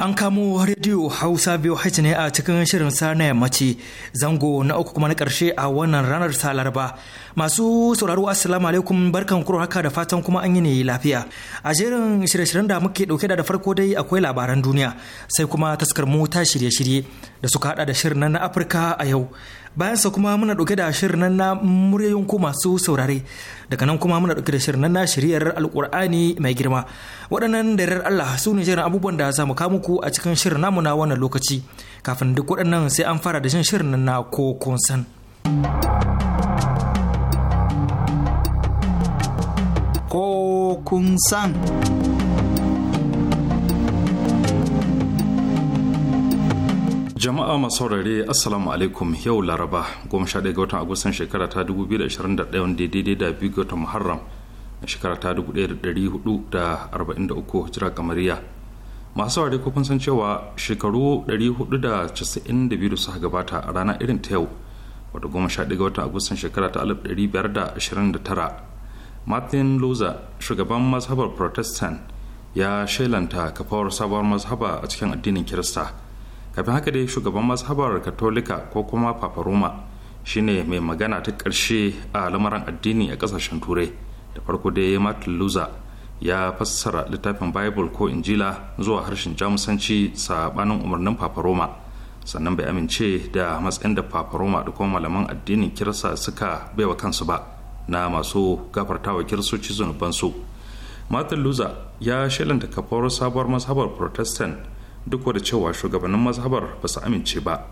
An kamo rediyo Hausa biyu haiti ne a cikin shirin sa na yammaci zango na uku kuma na ƙarshe a wannan ranar ta laraba. Masu sauraro assalamu alaikum barkan kuro haka da fatan kuma an yi ne lafiya. A jerin shirye-shiryen da muke ɗauke da farko dai akwai labaran duniya sai kuma taskar mu ta shirye-shirye da suka haɗa da shirin na Afirka a yau. bayan sa kuma muna ɗauke da shirin nan na muryoyin ku masu saurare daga nan kuma muna ɗauke da shirin nan na shiriyar alkur'ani mai girma waɗannan darar Allah su ne jiran abubuwan da za mu kawo muku a cikin shirin namu na wannan lokaci kafin duk waɗannan sai an fara da shin shirin nan na ko kun Ko kun san. jama'a masu saurare assalamu alaikum yau laraba 11 ga watan agustan shekara ta 2021 daidai da biyu ga watan muharram na shekara ta 1443 hijira kamariya masu saurare ko kun san cewa shekaru 492 da suka gabata a rana irin ta yau wata 11 ga watan agustan shekara ta 1529 martin luther shugaban mazhabar protestant ya shailanta kafawar sabuwar mazhaba a cikin addinin kirista kafin haka dai shugaban mazhabar katolika ko kuma papa roma shine mai magana ta karshe a lamarin addini a ƙasashen turai da farko dai martin luther ya fassara littafin bible ko injila zuwa harshen jamusanci saɓanin umarnin papa roma sannan bai amince da matsayin da papa roma da kuma malaman addinin kirsa suka baiwa kansu ba na masu gafartawa kiristoci zunubansu martin luther ya shelanta kafar sabuwar mazhabar protestant duk da cewa shugabannin mazhabar ba su amince ba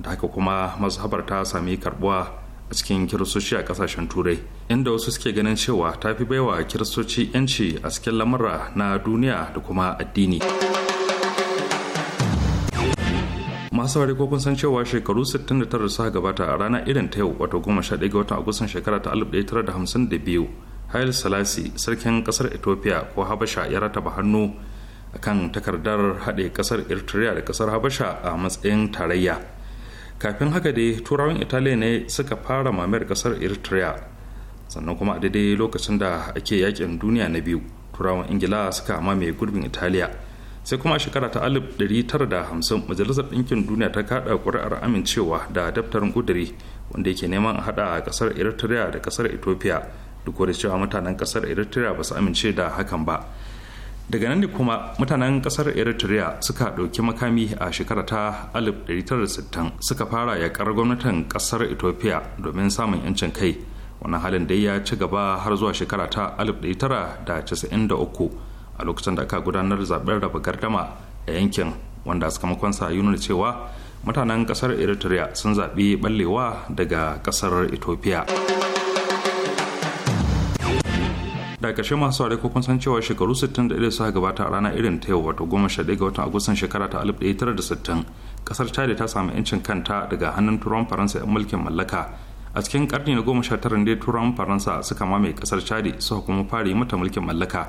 da haka kuma mazhabar ta sami karbuwa a cikin kiristoci a kasashen turai inda wasu suke ganin cewa ta fi baiwa kiristoci yanci a cikin lamura na duniya da kuma addini masu ware ko kun san cewa shekaru 69 suka gabata a rana irin ta yau wato 11 ga watan agustan shekara ta 1952 hail salasi sarkin kasar ethiopia ko habasha ya rataba hannu a kan takardar haɗe ƙasar eritrea da ƙasar habasha a matsayin tarayya kafin haka dai turawan italiya ne suka fara mamayar ƙasar eritrea sannan kuma a daidai lokacin da ake yakin duniya na biyu turawan ingila suka mamaye gurbin italiya sai kuma a shekara ta 1950 majalisar ɗinkin duniya ta kaɗa ƙuri'ar amincewa da daftarin ƙuduri wanda yake neman a haɗa ƙasar eritrea da ƙasar ethiopia duk da cewa mutanen ƙasar eritrea ba su amince da hakan ba daga nan ne kuma mutanen kasar eritrea suka ɗauki makami a shekara ta 1960 suka fara yakar gwamnatin kasar ethiopia domin samun 'yancin kai wannan halin dai ya ci gaba har zuwa shekara ta 1993 a lokacin da aka gudanar zaben raba gardama a yankin wanda sakamakon ya nuna cewa mutanen kasar eritrea sun zaɓi ballewa daga kasar ethiopia da ƙarshe masu saurari ko kun san cewa shekaru 61 suka gabata a rana irin ta yau wato 11 ga watan agustan shekara ta 1960 kasar chad ta samu 'yancin kanta daga hannun turan faransa 'yan mulkin mallaka a cikin karni na 19 ne turan faransa suka mamaye kasar chad suka kuma fara yi mata mulkin mallaka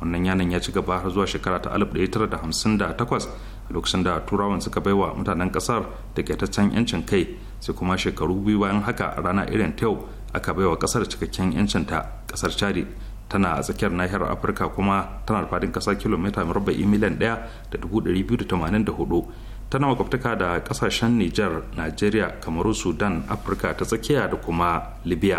wannan yanan ya ci gaba har zuwa shekara ta 1958 a lokacin da turawan suka baiwa mutanen kasar takaitaccen yancin kai sai kuma shekaru biyu bayan haka rana irin ta yau aka baiwa kasar cikakken yancinta kasar chadi tana a tsakiyar nahiyar afirka kuma tana da fadin kasa kilomita murabba'i miliyan ɗaya da dubu ɗari biyu da tamanin da hudu tana makwabtaka da ƙasashen niger nigeria kamaru sudan afirka ta tsakiya da kuma libya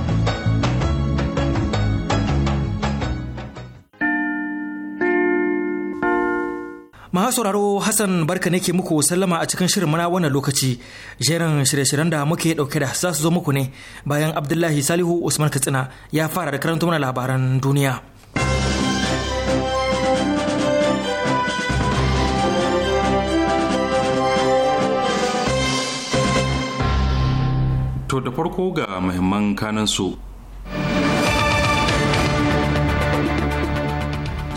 Maha sauraro Hassan barka ne ke muku sallama a cikin shirin muna wannan lokaci. Jerin shirye-shiryen da muke dauke da za su zo muku ne bayan Abdullahi Salihu Usman Katsina ya fara da karanta mana labaran duniya. To da farko ga muhimman kanansu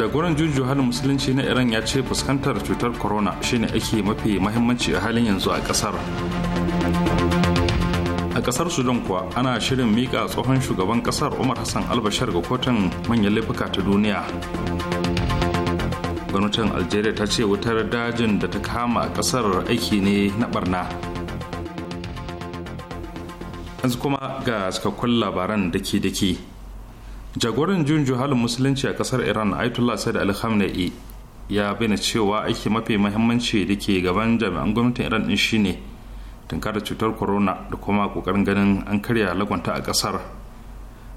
jagoran juju halin musulunci na iran ya ce fuskantar cutar corona shine ake mafi mahimmanci a halin yanzu a kasar a kasar sudan kuwa ana shirin mika tsohon shugaban kasar umar hassan albashar ga kotun manyan laifuka ta duniya gwamnatin algeria ta ce wutar dajin da ta kama a kasar aiki ne na barna yanzu kuma ga cikakkun labaran dake-dake jagoran junju halin musulunci a kasar iran ayatollah said al khamenei ya bayyana cewa aiki mafi mahimmanci da ke gaban jami'an gwamnatin iran din shine tunkara cutar corona da kuma kokarin ganin an karya lagwanta a kasar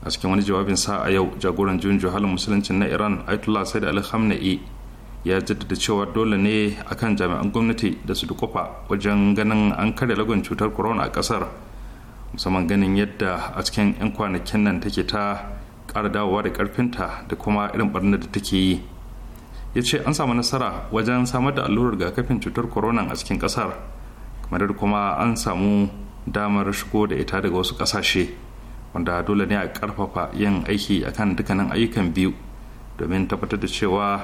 a cikin wani jawabin sa a yau jagoran junju halin musulunci na iran ayatollah said al khamenei ya jaddada cewa dole ne akan jami'an gwamnati da su dukufa wajen ganin an karya lagon cutar corona a kasar musamman ganin yadda a cikin 'yan kwanakin nan take ta ƙara dawowa da ƙarfinta da kuma irin barnar da take yi ya ce an samu nasara wajen samar da allurar rigakafin cutar corona a cikin ƙasar kamar kuma an samu damar shigo da ita daga wasu ƙasashe wanda dole ne a ƙarfafa yin aiki akan dukkanin ayyukan biyu domin tabbatar da cewa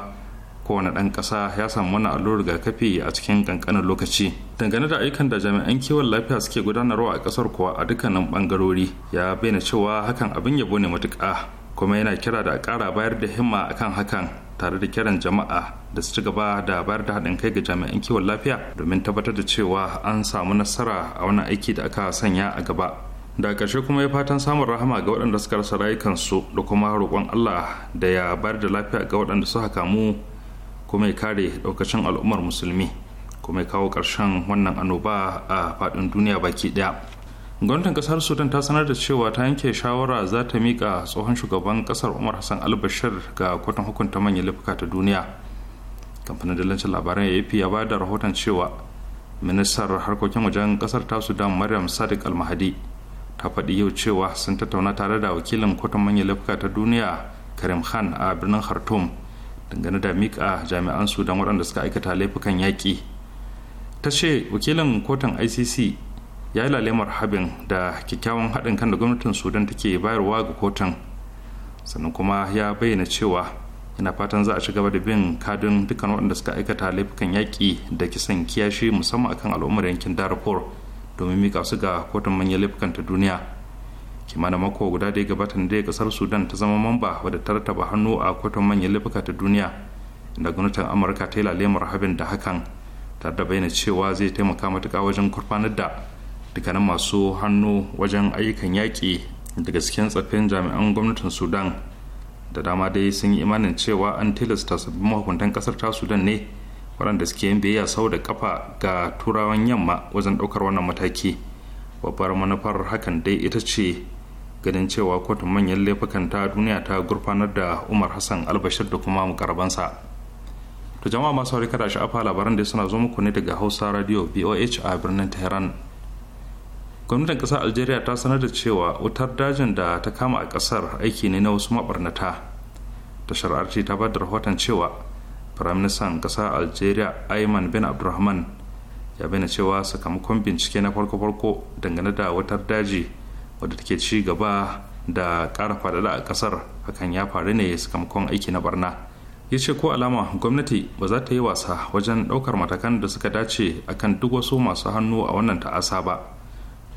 kowane ɗan ƙasa ya samu wani allurar rigakafi a cikin ƙanƙanin lokaci dangane da ayyukan da jami'an kiwon lafiya suke gudanarwa a ƙasar kuwa a dukkanin ɓangarori ya bayyana cewa hakan abin yabo ne matuƙa kuma yana kira da ƙara bayar da himma akan hakan tare da kiran jama'a da su gaba da bayar da haɗin kai ga jami'an kiwon lafiya domin tabbatar da cewa an samu nasara a wannan aiki da aka sanya a gaba da ƙarshe kuma ya fatan samun rahama ga waɗanda suka rasa rayukansu da kuma roƙon allah da ya bayar da lafiya ga waɗanda suka kamu kuma ya kare ɗaukacin al'ummar musulmi kuma ya kawo ƙarshen wannan annoba a faɗin duniya baki ɗaya gwamnatin kasar sudan ta sanar da cewa ta yanke shawara za ta miƙa tsohon shugaban kasar umar hassan albashir ga kotun hukunta manyan laifuka ta duniya kamfanin dalancin labaran ap ya ba da rahoton cewa ministar harkokin wajen kasar ta sudan maryam sadiq almahadi ta faɗi yau cewa sun tattauna tare da wakilin kotun manyan laifuka ta duniya karim khan a birnin khartoum dangane da mika jami'an sudan waɗanda suka aikata laifukan yaƙi ta ce wakilin kotun icc ya yi lalemar habin da kyakkyawan haɗin kan da gwamnatin sudan take bayarwa ga kotun sannan kuma ya bayyana cewa yana fatan za a ci gaba da bin kadin dukkan waɗanda suka aikata laifukan yaƙi da kisan kiyashi musamman akan al'ummar yankin darfur domin mika su ga kotun manyan laifukan ta duniya kimanin mako guda da ya gabata da kasar sudan ta zama mamba wadda ta rataba hannu a kotun manyan laifuka ta duniya da gwamnatin amurka ta yi lalemar habin da hakan tare da bayyana cewa zai taimaka matuƙa wajen kurfanar da nan masu hannu wajen ayyukan yaƙi daga cikin tsaffin jami'an gwamnatin sudan da dama dai sun yi imanin cewa an tilasta sabbin mahukuntan kasar ta sudan ne waɗanda suke yin biyayya sau da kafa ga turawan yamma wajen ɗaukar wannan mataki babbar manufar hakan dai ita ce ganin cewa kotun manyan laifukan ta duniya ta gurfanar da umar hassan albashir da kuma mukarabansa to jama'a masu harika da sha'afa labaran da suna zo muku ne daga hausa radio boh a birnin tehran gwamnatin kasar algeria ta sanar da cewa wutar dajin da ta kama a kasar aiki ne na wasu mabarnata tashar shari'arci ta bada rahoton cewa firaministan kasar algeria ayman bin abdulrahman ya bayyana cewa sakamakon bincike na farko-farko dangane da wutar daji wadda take ci gaba da kara fadada a ƙasar hakan ya faru ne sakamakon aiki na barna ya ce ko alama gwamnati ba za ta yi wasa wajen ɗaukar matakan da suka dace akan duk wasu masu hannu a wannan ta'asa ba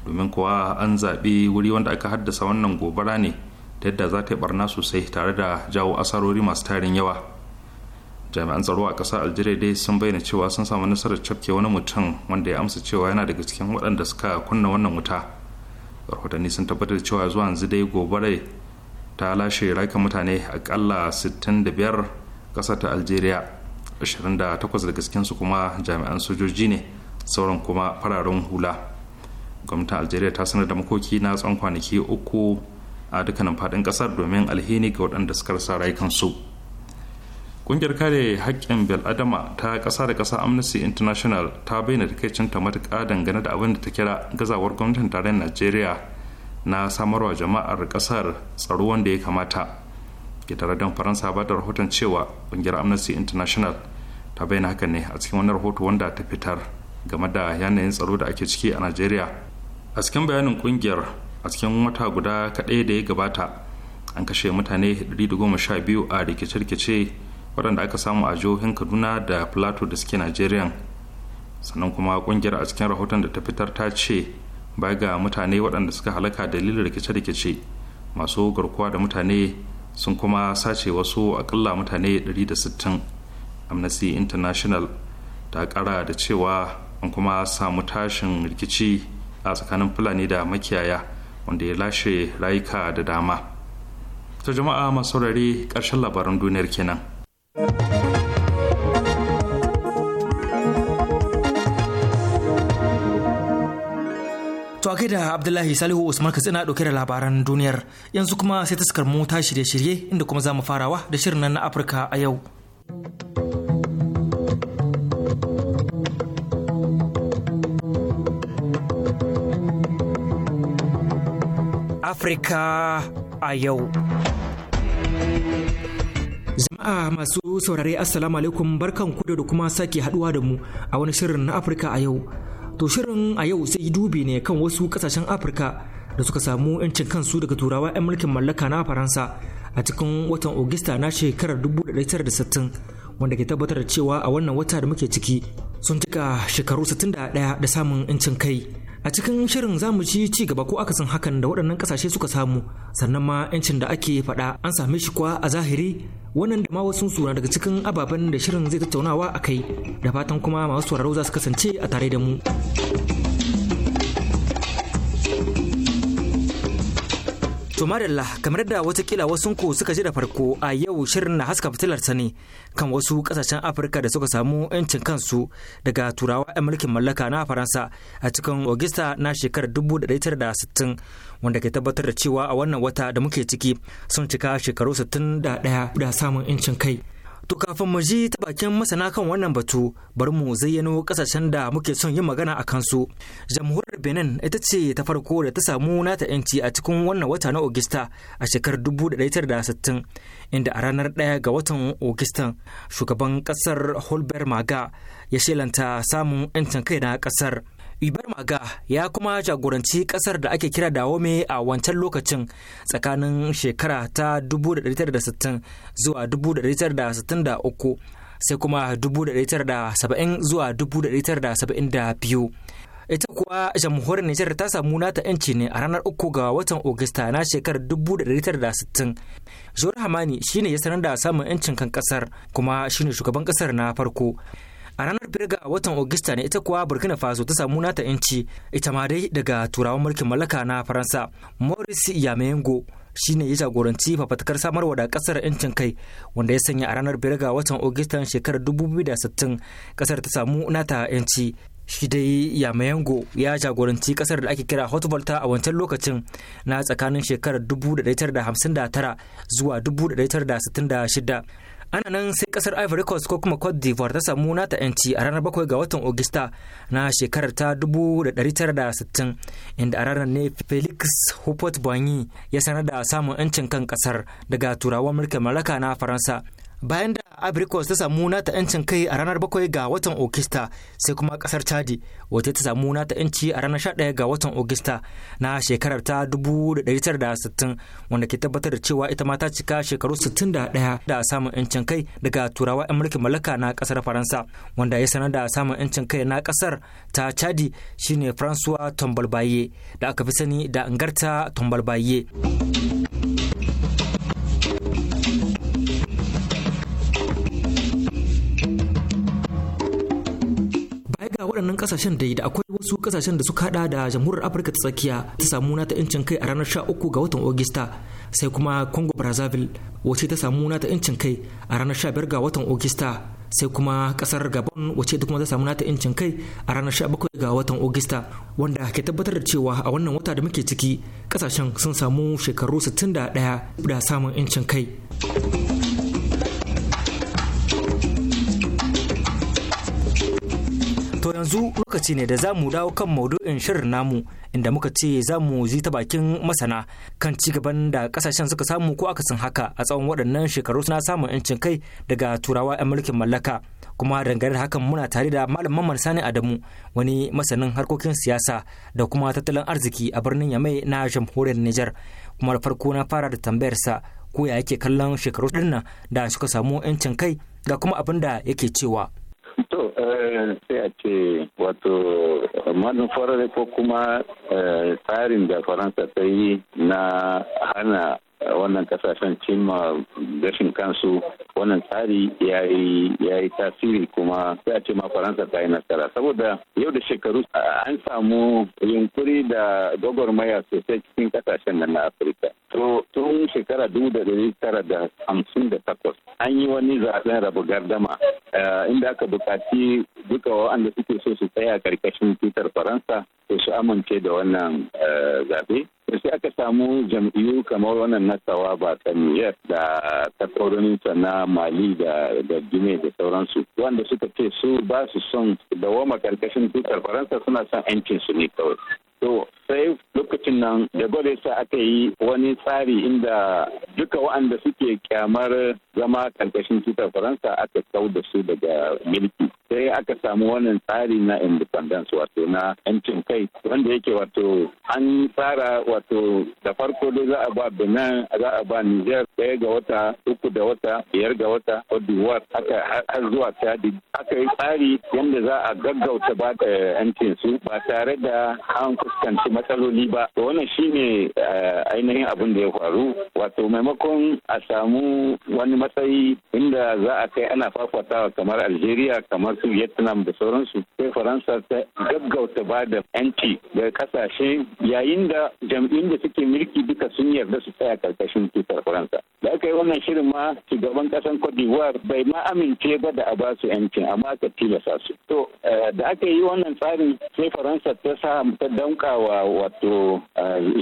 domin kuwa an zaɓi wuri wanda aka haddasa wannan gobara ne ta yadda za ta yi barna sosai tare da jawo asarori masu tarin yawa jami'an tsaro a ƙasar algeria dai sun bayyana cewa sun samu nasarar cafke wani mutum wanda ya amsa cewa yana daga cikin waɗanda suka kunna wannan wuta rahotanni sun tabbatar cewa zuwa yanzu dai gobara ta lashe rayukan mutane akalla 65 ƙasar ta algeria 28 daga cikinsu kuma jami'an sojoji ne sauran kuma fararen hula gwamnatin algeria ta sanar da makoki na tsawon kwanaki uku a dukkanin faɗin ƙasar domin alheri ga waɗanda suka rasa rayukansu ƙungiyar kare haƙƙin adama ta ƙasa da ƙasa amnesty international ta bayyana ta matuƙa dangane da abin da ta kira gazawar gwamnatin tarayyar najeriya na samarwa jama'ar ƙasar tsaro wanda ya kamata don faransa ba da rahoton cewa ƙungiyar amnesty international ta bayyana haka ne a cikin wani rahoto wanda ta fitar game da yanayin tsaro da ake ciki a najeriya a cikin bayanin kungiyar a cikin wata guda kaɗai da ya gabata an kashe mutane 112 a rikice-rikice waɗanda aka samu a jihohin kaduna da plateau da suke nigeria sannan kuma kungiyar a cikin rahoton da ta fitar ta ce baya ga mutane waɗanda suka halaka dalilin rikice-rikice masu garkuwa da mutane sun kuma sace wasu akalla mutane 160 amnesty international ta kara da cewa an kuma samu tashin rikici a tsakanin fulani da makiyaya wanda ya lashe rayuka da dama ta jama'a masu saurare ƙarshen labaran duniyar kenan To kai da Abdullahi Salihu Usman Katsina ɗauke da labaran duniyar yanzu kuma sai ta mu ta shirye-shirye inda kuma za mu farawa da shirin nan na Afirka a yau. Afirka a yau. Jama'a masu saurare Assalamu alaikum barkan kudu da kuma sake haduwa da mu a wani shirin na Afirka a yau. To shirin a yau sai dubi ne kan wasu kasashen Afirka da suka samu 'yancin kansu daga turawa 'yan mulkin mallaka na Faransa a cikin watan Ogista na shekarar 1960 wanda ke tabbatar da cewa a wannan wata da muke ciki sun cika shekaru 61 da samun 'yancin kai. a cikin shirin zamu ci ci gaba ko akasin hakan da waɗannan ƙasashe suka samu sannan ma 'yancin da ake faɗa an same shi kuwa a zahiri wannan da ma wasu suna daga cikin ababen da shirin zai tattaunawa a kai da fatan kuma masu sauraro za su kasance a tare da mu. To madalla kamar da watakila wasu ku suka ji da farko a yau shirin na haska fitilarsa ne kan wasu kasashen Afirka da suka samu 'yancin kansu daga turawa 'yan mulkin mallaka na Faransa a cikin Ogista na shekarar 1960 wanda ke tabbatar da cewa a wannan wata da muke ciki sun cika shekaru 61 da samun 'yancin kai. To kafin mu ji ta bakin masana kan wannan batu bari mu zayyano kasashen da muke son yin magana a kansu. Jamhuriyar Benin ita ce ta farko da ta samu nata yanci a cikin wannan wata na Ogista a shekarar 1960 inda a ranar ɗaya ga watan Ogistan shugaban kasar Holbert Maga ya shelanta samun 'yancin kai na kasar. Ibar Maga ya kuma jagoranci kasar da ake kira Dawome a wancan lokacin tsakanin shekara ta 1960 zuwa 1963 sai kuma 1970 zuwa 1972. Ita kuwa jamhuriyar Nijar ta samu nata ‘yanci ne a ranar 3 ga watan Ogista na shekarar 1960. Jor Hamani shine ya sanar da samun ‘yancin kan kasar kuma shine shugaban kasar na farko. a ranar birga watan Ogista ne ita kuwa Burkina Faso ta samu nata yanci ita ma dai daga turawan mulkin mallaka na Faransa. Maurice Yamengo shi ne ya jagoranci fafatakar samarwa da kasar yancin kai wanda ya sanya a ranar birga watan Ogista shekarar 2060 kasar ta samu nata yanci. shi dai Yamengo ya jagoranci kasar da ake kira hot volta a wancan lokacin na tsakanin shekarar 1959 zuwa shida. ana nan sai kasar ivory coast ko kuma cote d'ivoire ta samu nata yanci a ranar bakwai ga watan augusta na shekarar ta 1960 inda a ranar ne felix hupot boigny ya sanar da samun yancin kan kasar daga turawan mulkin mallaka na faransa bayan da abricos ta samu nata 'yancin kai a ranar bakwai ga watan ogista sai kuma kasar chadi wata ta samu nata 'yanci a ranar 11 ga watan ogista na shekarar ta 1960 wanda ke tabbatar da cewa ita ma ta cika shekaru 61 da samun 'yancin kai daga turawa 'yan mulkin mallaka na kasar faransa wanda ya sanar da samun 'yancin kai na kasar ta chadi shine francois tombalbaye da aka fi sani da ngarta tombalbaye ga waɗannan kasashen da da akwai wasu kasashen da suka hada da jamhuriyar afirka ta tsakiya ta samu nata incin kai a ranar 13 ga watan ogista sai kuma congo brazzaville wace ta samu nata incin kai a ranar 15 ga watan ogista sai kuma kasar gabon wace ta kuma ta samu nata incin kai a ranar 17 ga watan ogista wanda ke tabbatar da cewa a wannan wata da muke ciki kasashen sun samu shekaru 61 da samun incin kai. To yanzu lokaci ne da za mu dawo kan maudu'in shirin namu inda muka ce za mu ji ta bakin masana kan ci gaban da kasashen suka samu ko akasin haka a tsawon waɗannan shekaru suna samun 'yancin kai daga turawa 'yan mulkin mallaka. kuma dangane da hakan muna tare da malam mamman sani adamu wani masanin harkokin siyasa da kuma tattalin arziki a birnin yamai na jamhuriyar niger kuma da farko na fara da tambayarsa ko ya yake kallon shekaru dinnan da suka samu 'yancin kai ga kuma abin da yake cewa To, eh, sai a ce wato manufar ko kuma eh, tsarin da Faransa ta yi na hana wannan kasashen cimma gashin kansu wannan tsari ya yi tasiri kuma sai a ce ma faransa ta yi nasara saboda yau da shekaru eh, an samu yunkuri da gwagwarmaya sosai cikin kasashen nan na afirka tun shekara dubu da dari tara da hamsin da takwas an yi wani zaben rabu gardama eh, inda aka bukaci duka waɗanda suke so su tsaya karkashin titar faransa to su amince da wannan eh, zaɓe sai aka samu jam'iyyu kamar wannan nasawa ba kaniyar da takwarorinsa na mali da da gine da sauransu wanda suka ce su ba su son da karkashin titar faransa suna son yancin ne kawai To sai lokacin nan da da sa aka yi wani tsari inda duka waɗanda suke kyamar zama ƙarƙashin cutar Faransa aka kau da su daga mulki. Sai aka samu wannan tsari na independence wato na 'yancin kai wanda yake wato an tsara wato da farko dai za a ba Benin za a ba Niger daya ga wata uku da wata biyar ga wata Odiwar aka har zuwa tadi aka yi tsari yadda za a gaggauta ba da 'yancin su ba tare da an fuskanci matsaloli ba wannan shine eh, ainihin abin da ya faru wato maimakon a samu wani matsayi inda za a kai ana fafatawa kamar algeria kamar su vietnam da sauransu sai faransa ta gaggauta ba da yanci da kasashe yayin da jam'in da suke mulki duka sun yarda su tsaya karkashin tutar faransa da aka yi wannan shirin ma shugaban kasan cote d'ivoire bai ma amince ba da a ba su yancin amma aka tilasa su to eh, da aka yi wannan tsarin sai faransa ta sa ta dan danka wa wato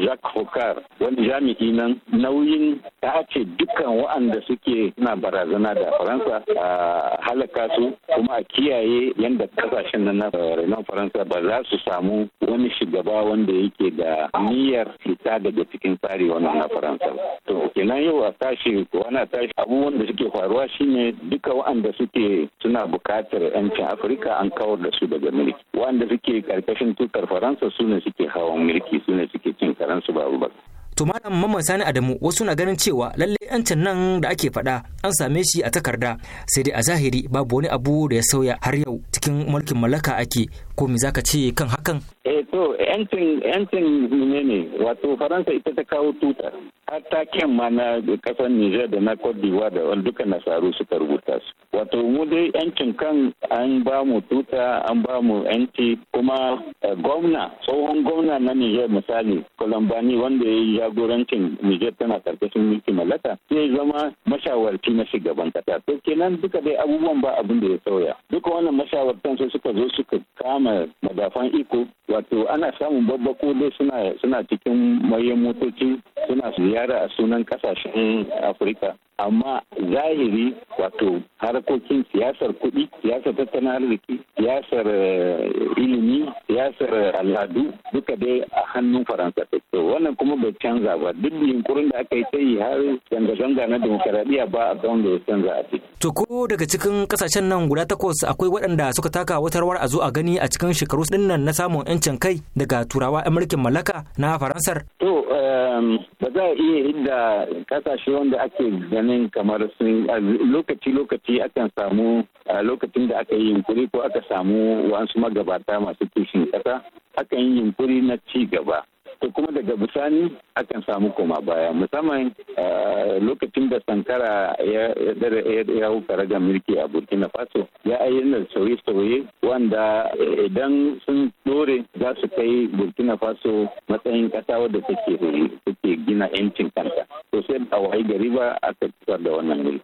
Jacques Hokar wani jami'i nan nauyin ta tace dukkan waɗanda suke suna barazana da Faransa a halaka su kuma a kiyaye yadda kasashen nan na eh, renon Faransa ba za su samu wani shugaba wanda yake da niyyar fita daga cikin tsari wannan na Faransa. To kenan yau a tashi wani tashi abubuwan da suke faruwa shine duka waɗanda suke suna bukatar 'yancin Afirka an kawar da su daga mulki. Waɗanda suke karkashin tutar Faransa su ne suke hawan mulki su ne suke cin karansu babu ba. To malam Mamman Sani Adamu wasu na ganin cewa lalle yancin nan da ake faɗa an same shi a takarda sai dai a zahiri babu wani abu da ya sauya har yau cikin mulkin mallaka ake ko mi zaka ce kan hakan eh to yancin yancin ne ne wato faransa ita ta kawo tutar ta taken ma na kasar Nijar da na Cote d'Ivoire da duka nasaru suka rubuta su wato mu dai yancin kan an ba mu tuta an ba mu yanci kuma eh, gwamna tsohon gwamna na Nijar misali Colombani wanda ya yi jagorancin Nijar tana karkashin mulki mallaka sai zama mashawarci na shugaban kasa to kenan duka dai abubuwan ba abin da ya sauya duka wannan mashawartan sai suka zo suka kama kama madafan iko wato ana samun babbako dai suna suna cikin mayan motoci suna ziyara a sunan kasashen afirka amma zahiri wato harkokin siyasar kuɗi siyasar tattalin arziki siyasar eh, ilimi siyasar al'adu duka dai a hannun faransa take wannan kuma bai canza ba duk yunkurin da aka yi ta yi har zanga-zanga na demokaradiyya ba a da ya canza a ciki. to ko daga cikin kasashen nan guda takwas akwai waɗanda suka taka wata rawar a zo a gani a cikin shekaru ɗin nan na samun 'yancin kai daga turawa 'yan mulkin mallaka na faransar. to ehm, ba za a iya inda kasashe wanda ake nan kamar sun lokaci-lokaci akan samu lokacin da aka yi yunkuri ko aka samu wasu magabata masu kishin kasa akan yi yunkuri na ci gaba to kuma daga bisani akan samu koma baya musamman eh, lokacin da sankara ya wuka ragar mulki a burkina faso ya ayyana sauye-sauye wanda eh, idan sun dore za su kai burkina faso matsayin ƙasa wadda take gina 'yancin kanta to sai a wayi gari ba a da wannan mulki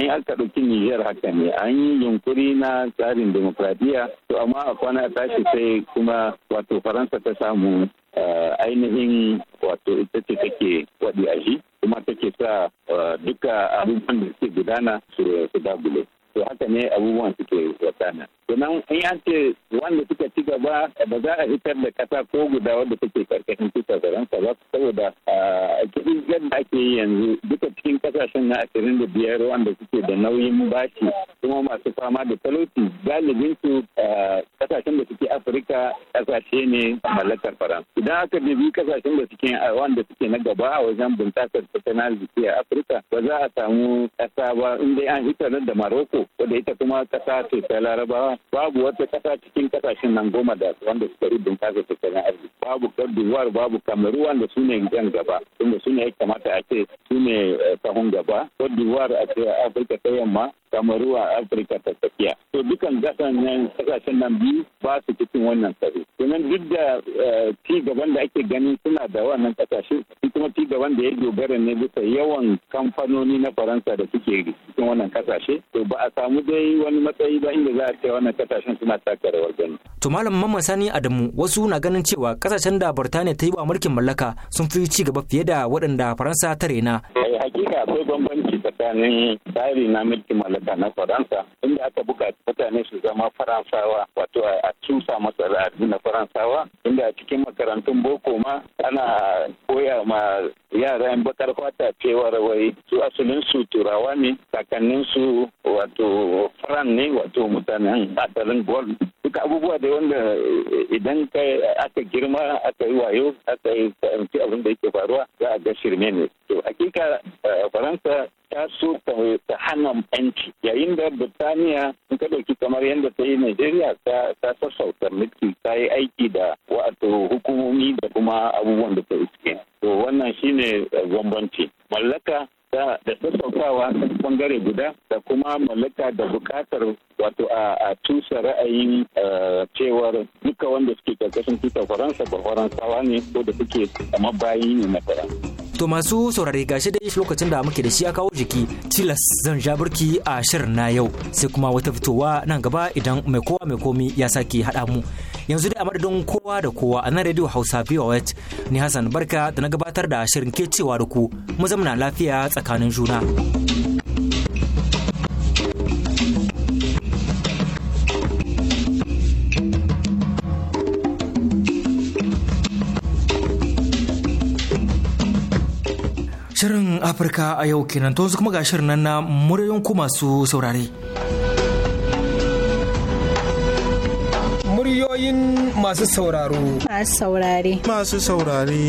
yi eh, aka ɗauki nijar haka ne an yi yunkuri na tsarin demokradiyya to amma a kwana tashi sai kuma wato faransa ta samu Eh, ainihin wato ita ce take waɗi a shi kuma take sa eh, duka abubuwan da suke gudana su dagule. to haka ne abubuwan suke wakana sannan in an ce wanda suka ci gaba ba za a fitar da kasa ko guda wanda take karkashin tutar faransa ba saboda a ah, kiɗin yadda ake yi yanzu duka cikin kasashen na ashirin da biyar wanda suke da nauyin bashi kuma masu fama da talauci galibin su ah, kasashen da suke afirka kasashe ne mallakar faransa idan aka bibi kasashen da suke ah, wanda suke na gaba a wajen bunƙasar tattalin arziki a afirka ba za a samu kasa ba in dai an hitar da maroko Morocco ita kuma kasa ce ta Larabawa babu wata kasa cikin kasashen nan goma da wanda suka kasa bunƙasa na arziki babu Cote d'Ivoire babu Cameroon wanda su ne yan gaba tunda su ne ya kamata a ce su ne eh, sahun gaba Cote d'Ivoire a ce Afirka ta yamma kamaru a afirka ta tafiya to dukan gasan kasashen nan biyu ba su cikin wannan tsaro domin duk da eh, ci gaban da ake gani. suna da wannan kasashe shi kuma ci gaban da ya dogara ne bisa yawan kamfanoni na faransa da suke cikin wannan kasashe to ba a samu dai wani matsayi ba inda za a ce wannan kasashen suna taka rawar gani to malam mamman sani adamu wasu na ganin cewa kasashen da burtaniya ta yi wa mulkin mallaka sun fi ci gaba fiye da waɗanda faransa ta rena eh, hakika akwai bambanci tsakanin tsari na mulkin mallaka na faransa inda aka buka mutane su zama faransawa wato a cusa masa al'adu na faransawa inda a cikin makarantun boko ma ana koya ma yara bakar fata cewar wai su asalin su turawa ne kakannin su wato faran ne wato mutanen asalin gol duka abubuwa da wanda eh, idan aka girma aka yi wayo aka yi abin da yake faruwa za a ga shirme ne to hakika eh, faransa ta so ta hana yanci yayin da birtaniya in ka ɗauki kamar yadda ta yi nigeria ta sassauta mulki ta yi aiki da wato hukumomi da kuma abubuwan da ta iske to wannan shine bambanci mallaka da da sassaukawa ta bangare guda da kuma mallaka da bukatar wato a tusa ra'ayin eh, cewar duka wanda suke karkashin tusa faransa ba faransawa ne ko da suke kama bayi ne na faransa To masu saurare gashi dai lokacin da muke da shi a kawo jiki tilas zan ja birki a shirin na yau sai kuma wata fitowa nan gaba idan mai kowa mai komi ya sake haɗa mu. yanzu dai a madadin kowa da kowa a nan radio hausa voh ni hassan barka da na gabatar da shirin ke cewa da ku mu zamana lafiya tsakanin juna Shirin Afirka a yau kenan to kuma ga shirin nan na muryoyin ku masu saurare. ra'ayoyin masu sauraro. Masu saurare. Masu saurare.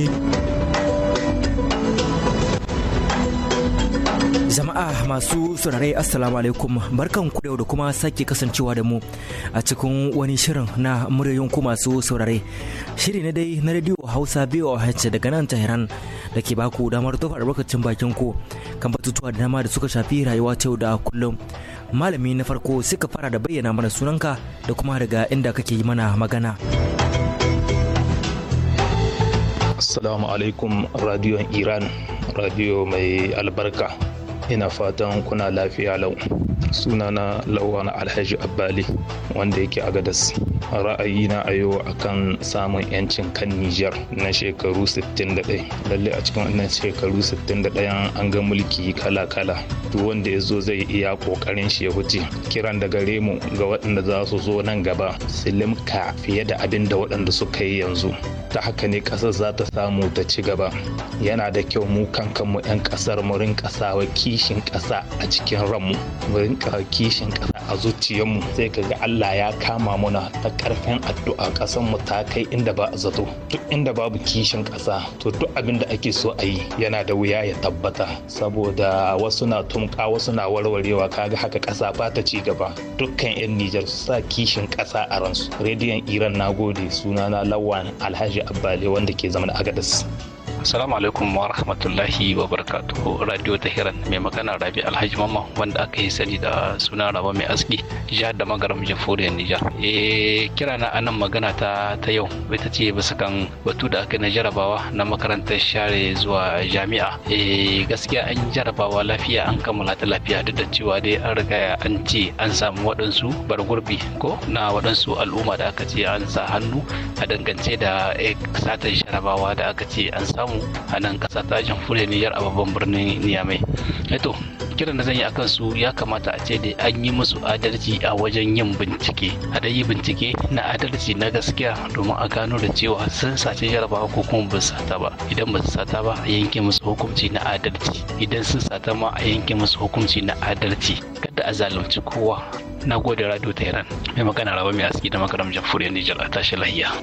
Jama'a masu saurare Assalamu alaikum barkan ku da kuma sake kasancewa da mu a cikin wani shirin na muryoyin ku masu saurare. Shiri na dai na Radio Hausa biyu BOH daga nan Tehran da ke baku damar tofa albarkacin bakin ku kan batutuwa da dama da suka shafi rayuwa ta yau da kullum. malami na farko suka fara da bayyana mana sunanka da kuma daga inda kake yi mana magana. Assalamu alaikum radiyon Iran, radiyo mai albarka. ina fatan kuna lafiya lau sunana lawan alhaji abbali wanda yake agadas ra'ayina a yau akan samun yancin kan nijar na shekaru 61 lalle a cikin wannan shekaru 61 an ga mulki kala-kala duk wanda ya zo zai iya kokarin shi ya huce kiran da gare mu ga waɗanda za su zo nan gaba silimka fiye da abin da waɗanda suka yi yanzu ta haka ne ƙasar za ta samu ta ci gaba yana da kyau mu mu 'yan ƙasar mu rinka sawa kishin ƙasa a cikin ranmu mu rinka kishin ƙasa a mu sai ka ga Allah ya kama muna ta ƙarfin addu'a ƙasar mu ta kai inda ba a zato duk inda babu kishin ƙasa to duk abin da ake so a yi yana da wuya ya tabbata saboda wasu na tumka wasu na warwarewa kaga haka ƙasa ba ta ci gaba dukkan 'yan Nijar su sa kishin ƙasa a ransu rediyon Iran nagode sunana Lawan Alhaji Abbali wanda ke zama zaman Agadez. Assalamu alaikum wa rahmatullahi wa barakatuh Radio Tahiran mai magana Rabi Alhaji Mamman wanda aka yi sani da suna Raba mai aski jihar da magaram jamhuriyar Nijar. Eh kira na anan magana ta ta yau ita ce bisa kan batu da aka na jarabawa na makarantar share zuwa jami'a. Eh gaskiya an jarabawa lafiya an kammala ta lafiya duk da cewa dai an riga an ce an samu waɗansu bargurbi ko na waɗansu al'umma da aka ce an sa hannu a dangance da eh, satan jarabawa da aka ce an samu a nan ƙasa tashin fure Nijar a babban birnin niyamai Eto, eh kiran da zan yi a kansu ya kamata a ce da an yi musu adalci a wajen yin bincike. A da yi bincike na adalci na gaskiya domin a gano da cewa sun sace jarabawa ko kuma ba sata ba. Idan ba su sata ba a yanke musu hukunci na adalci. Idan sun sata ma a yanke musu hukunci na adalci. Kada a zalunci kowa. Na gode Radio Tehran. Mai magana rawa mai aski da makaram jamhuriyar Nijar a tashi lahiya.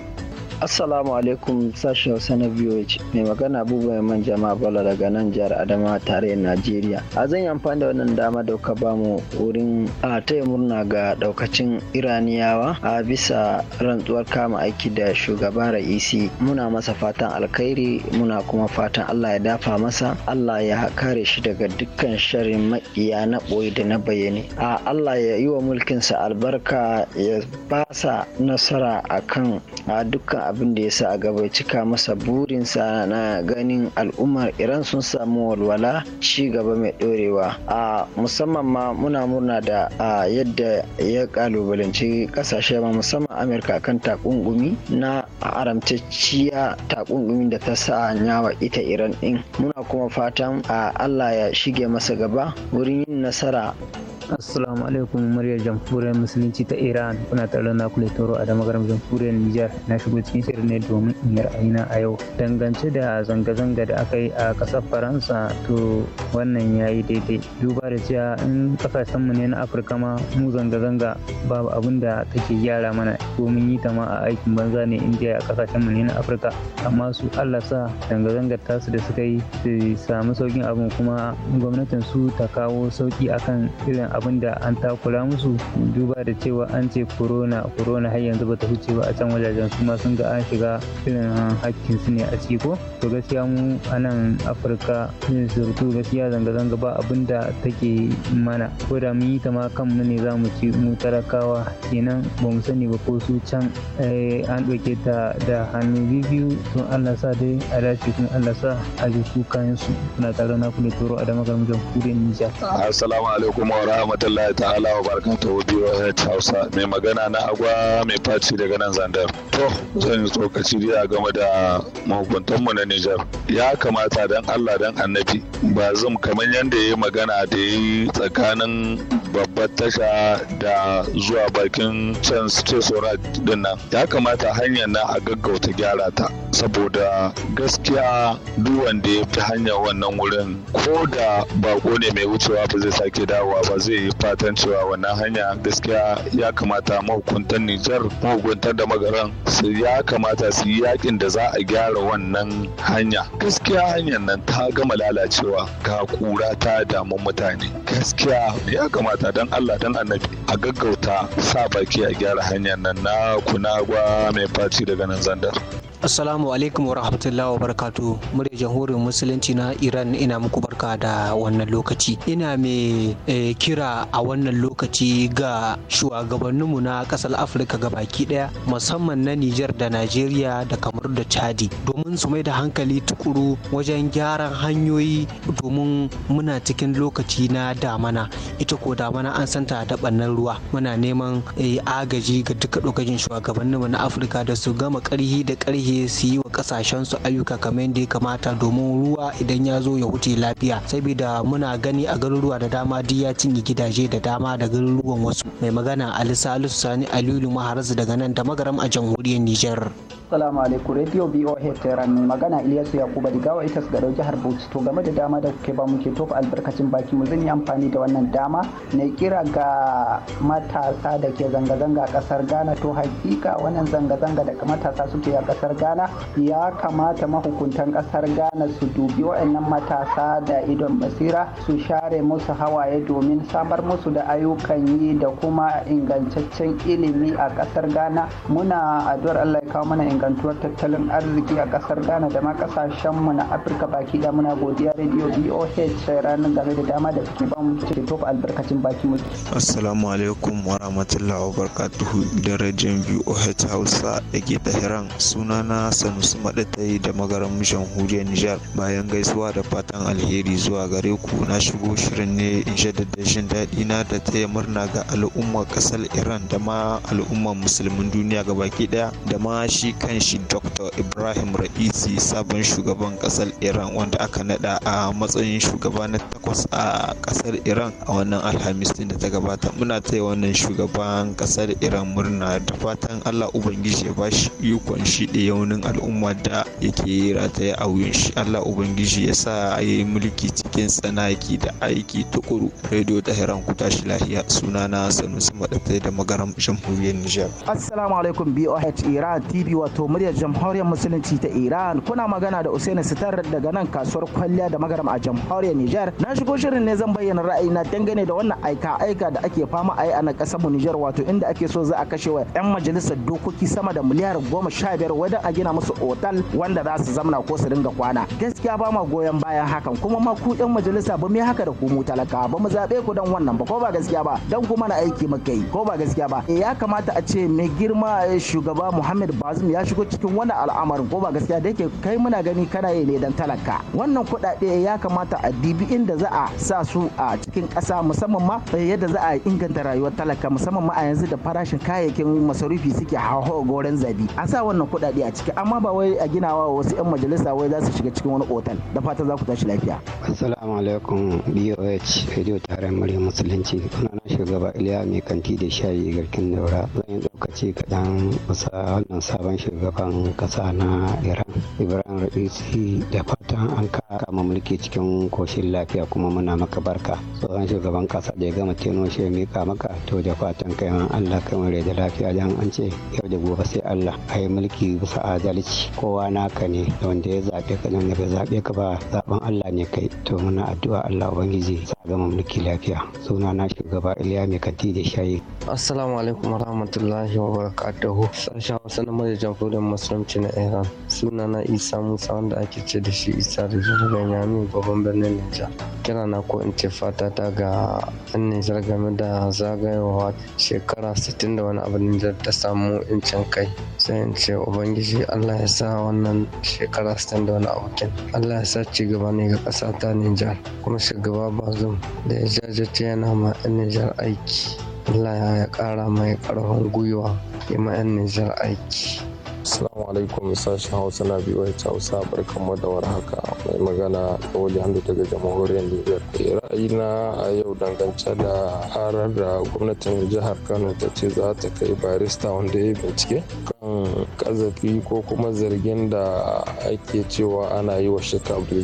Assalamu alaikum sashen Hausa na VOH mai magana abubuwan man jama'a bala daga nan jihar adama tarayyar Najeriya. A zan yi amfani da wannan dama da ka ba mu wurin a taya murna ga daukacin Iraniyawa a bisa rantsuwar kama aiki da shugaban ra'isi muna masa fatan alkhairi muna kuma fatan Allah ya dafa masa Allah ya kare shi daga dukkan sharrin makiya na boye da na bayyane. A Allah ya yi wa mulkinsa albarka ya basa nasara akan a dukkan abin da ya sa a gaba cika masa burinsa na ganin al'ummar iran sun samu walwala ci gaba mai ɗorewa a musamman ma muna murna da yadda ya kalubalanci kasashe ma musamman amurka kan takungumi na haramtacciya takungumin da ta sa nyawa ita iran din muna kuma fatan allah ya shige masa gaba wurin yin nasara Assalamu alaikum muryar jamhuriyar musulunci ta Iran kuna tare na kule toro a damar jamhuriyar Nijar na shigo cikin shirin ne domin in yi ra'ayina a yau dangance da zanga-zanga da aka yi a ƙasar Faransa to wannan ya yi daidai duba da cewa in mu ne na Afirka ma mu zanga-zanga babu abin da take gyara mana ko mun yi ta ma a aikin banza ne indiya a mu ne na Afirka amma su Allah sa zanga-zangar tasu da suka yi su sami saukin abin kuma gwamnatin su ta kawo sauki akan irin Abin da an takura musu duba da cewa an ce corona corona har yanzu bata huce ba a can wajajen su ma sun ga an shiga irin hakkin su ne a ciki ko to gaskiya mu a nan afirka surutu gaskiya zanga-zanga ba abin da take mana ko da mun yi ta ma kanmu ne za mu ci mu talakawa kenan ba mu sani ba ko su can eh, an ɗauke ta da hannu biyu sun allah sa dai a dace sun allah sa a ji su kayan su na tare na kuma toro a damar gamjan kudin nijar. assalamu alaikum wa rahmatullahi ta'ala wa barakatuhu biyu hausa mai magana na agwa mai faci daga nan zandar to zan yi tsokaci dai game da mahukuntanmu na nijar ya kamata dan allah dan annabi ba zum kamar yadda ya yi magana da ya yi tsakanin babbar tasha da zuwa bakin can stesora din nan ya kamata hanyar nan a gaggauta gyara ta saboda gaskiya duk wanda ya fi hanyar wannan wurin ko da bako ne mai wucewa ba zai sake dawowa ba zai zai yi fatan cewa wannan hanya gaskiya ya kamata mahukuntan Nijar mahukuntar da magaran su ya kamata su yi yakin da za a gyara wannan hanya gaskiya hanyar nan ta gama lalacewa ga kura ta damun mutane gaskiya ya kamata don Allah don annabi a gaggauta sa baki a gyara hanyar nan na kunagwa mai faci daga nan zandar. Assalamu alaikum wa rahmatullahi wa barakatu murya jamhuriyar musulunci na Iran ina muku barka da wannan lokaci. Ina mai eh, kira a wannan lokaci ga shugabanninmu na ƙasar Afirka baki ɗaya musamman na Nijar da Najeriya da kamar da Chadi domin su mai da hankali tukuru wajen gyaran hanyoyi domin muna cikin lokaci na damana ita ko damana an santa da ɓannan ruwa muna neman eh, agaji ga duka ɗokajin shugabanninmu na Afirka da su gama ƙarhi da ƙarhi je su yi wa kasashen su ayyuka kamar yadda ya kamata domin ruwa idan ya zo ya wuce lafiya saboda muna gani a garuruwa da dama duk ya cinye gidaje da dama da garuruwan wasu mai magana ali salisu sani alilu maharas daga nan da magaram a jamhuriyar nijar. Assalamu alaikum Radio BOH Tehran mai magana iliyasu Yakuba gawa ita ga dauki har Bauchi to game da dama da kuke ba muke tofa albarkacin baki mu zan yi amfani da wannan dama na kira ga matasa da ke zanga-zanga a kasar Ghana to hakika wannan zanga-zanga da matasa suke a kasar Ghana ya kamata mahukuntan kasar Ghana su dubi waɗannan matasa da idon basira su share musu hawaye domin samar musu da ayyukan yi da kuma ingantaccen ilimi a kasar Ghana muna addu'ar Allah ya kawo mana ingantuwar tattalin arziki a kasar ghana da ma kasashen na afirka baki da muna godiya radio boh ranar game da dama da kuke ba mu ce albarkacin baki mu assalamu alaikum wa rahmatullahi wa barakatuhu da radio boh hausa da ke tahiran sunana sanusi madatai da magaran jamhuriyar nijar bayan gaisuwa da fatan alheri zuwa gare ku na shigo shirin ne in jaddada jin daɗi na da taya murna ga al'umma kasar iran da ma al'ummar musulmin duniya gabaki daya da ma shi kan shi dr ibrahim ra'isi sabon shugaban kasar iran wanda aka naɗa a matsayin shugaba na takwas a kasar iran a wannan alhamis din da ta gabata muna taya wannan shugaban kasar iran murna da fatan allah ubangiji ya bashi ikon shi da yaunin al'umma da yake rataye a wuyan shi allah ubangiji ya sa ya yi mulki cikin tsanaki da aiki tukuru rediyo ta heran ku tashi lahiya sunana sanusi madatai da magaram jamhuriyar nijar assalamu alaikum boh iran tv wato wato muryar jamhuriyar musulunci ta Iran kuna magana da Usaini Sitar daga nan kasuwar kwalliya da magaram a jamhuriyar niger. na shigo shirin ne zan bayyana ra'ayina dangane da wannan aika aika da ake fama a yi a nan kasar mu niger wato inda ake so za a kashe wa yan majalisar dokoki sama da miliyar goma sha biyar wajen a gina musu otal wanda za su zamna ko su dinga kwana gaskiya ba ma goyon bayan hakan kuma ma ku yan majalisa ba mu yi haka da ku mu talaka ba mu zaɓe ku dan wannan ba ko ba gaskiya ba dan kuma na aiki muka yi ko ba gaskiya ba eh, ya kamata a ce mai girma eh, shugaba Muhammad Bazum ya ya shigo cikin wannan al'amarin ko ba gaskiya da yake kai muna gani kana yi ne dan talaka wannan kuɗaɗe ya kamata a dibi inda za a sa su a cikin ƙasa musamman ma yadda za a inganta rayuwar talaka musamman ma a yanzu da farashin kayayyakin masarufi suke hawa goren zabi a sa wannan kuɗaɗe a ciki amma ba wai a ginawa wasu 'yan majalisa wai za su shiga cikin wani otal da fata za ku tashi lafiya. assalamu alaikum boh radio taron murya musulunci sunana shugaba iliya mai kanti da shayi garkin daura zan yi lokaci kaɗan kusa wannan sabon shi shugaban kasa na iran ibrahim ra'isi da fatan an kama mulki cikin koshin lafiya kuma muna maka barka tsohon shugaban kasa da ya gama teno shi mika maka to da fatan kai man allah kai mure da lafiya dan an ce yau da gobe sai allah a yi mulki bisa adalci kowa naka ne da wanda ya zaɓe ka nan ya zaɓe ka ba zaɓen allah ne kai to muna addu'a allah ubangiji zama mulki lafiya suna na shugaba iliya mai kanti da shayi assalamu alaikum warahmatullahi wabarakatuhu sashen hausa na murya jamhuriyar musulunci na iran suna na isa musa wanda ake ce da shi isa da jirgin yami babban birnin nijar kira na ko in ce fata ta ga an nijar game da zagayowa shekara 60 da wani abu nijar ta samu incin kai sai in ce ubangiji allah ya sa wannan shekara 60 da wani abu allah ya sa ci gaba ne ga ƙasa ta nijar kuma shugaba ba da ya jajirce yana ma 'yan Nijar aiki. Allah ya ƙara mai ƙarfin gwiwa ya ma 'yan Nijar aiki. Assalamu alaikum sashen Hausa na biyu wacce Hausa barkanmu da warhaka mai magana waje Hamdu daga jamhuriyar Nijar. Ra'ayina a yau dangance da harar da gwamnatin jihar Kano ta ce za ta kai barista wanda ya yi bincike kazafi ko kuma zargin da ake cewa ana yi wa shek abdul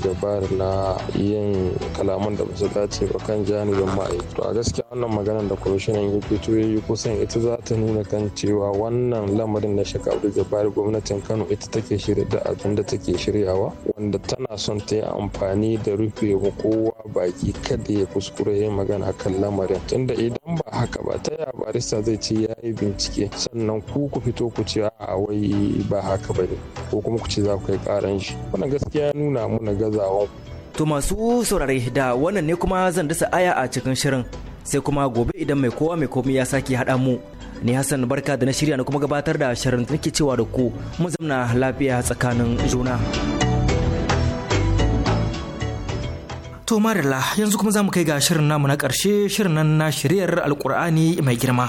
na yin kalaman da basu dace ba kan janibin ma'aikatu to a gaskiya wannan maganar da kwamishinan ya fito ya yi kusan ita za ta nuna kan cewa wannan lamarin na shek abdul gwamnatin kano ita take shirya da abin da take shiryawa wanda tana son ta yi amfani da rufe wa kowa baki kada ya kuskure ya magana kan lamarin tunda idan ba haka ba ta yaya barista zai ce ya yi bincike sannan ku ku fito ku ce a wai ba haka ba ne ko kuma ku ce za ku kai karan shi wannan gaskiya nuna muna gazawa to masu saurare da wannan ne kuma zan dasa aya a cikin shirin sai kuma gobe idan mai kowa mai komai ya sake haɗa mu ni hassan barka da na shirya na kuma gabatar da shirin nake cewa da ku mu zamna lafiya tsakanin juna to marilla yanzu kuma za mu kai ga shirin namu na ƙarshe shirin nan na shiryar alkur'ani mai girma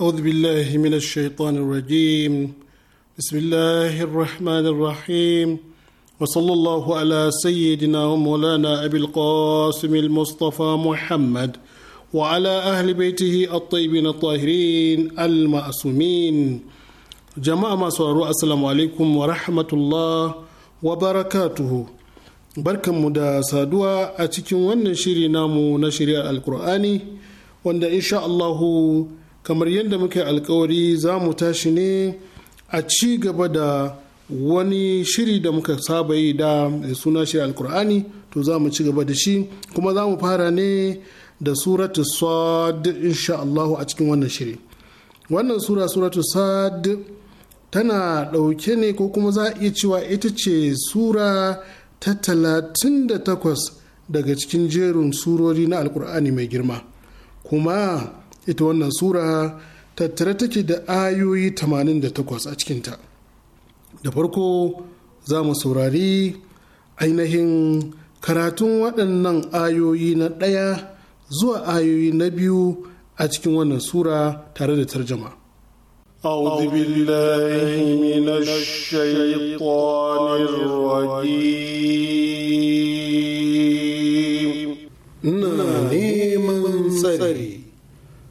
أعوذ بالله من الشيطان الرجيم بسم الله الرحمن الرحيم وصلى الله على سيدنا ومولانا أبي القاسم المصطفى محمد وعلى أهل بيته الطيبين الطاهرين المأسومين جماعة ما سواروا السلام عليكم ورحمة الله وبركاته بركة مدى سادوا أتكي ونشري نامو نشري القرآن وإن شاء الله kamar yadda muke alkawari za mu tashi ne a ci gaba da wani shiri da muka saba yi da suna shi alkur'ani to za mu ci gaba da shi kuma za mu fara ne da suratu sad insha Allahu a cikin wannan shiri wannan sura suratu sad tana ɗauke ne ko kuma za a iya cewa ita ce sura ta talatin da takwas daga cikin jerin surori na alkur'ani mai girma kuma ita wannan sura tattare take da ayoyi 88 a cikinta da farko za mu saurari ainihin karatun waɗannan ayoyi na ɗaya zuwa ayoyi na biyu a cikin wannan sura tare da tarjama أعوذ بالله من الشيطان الرجيم na neman tsari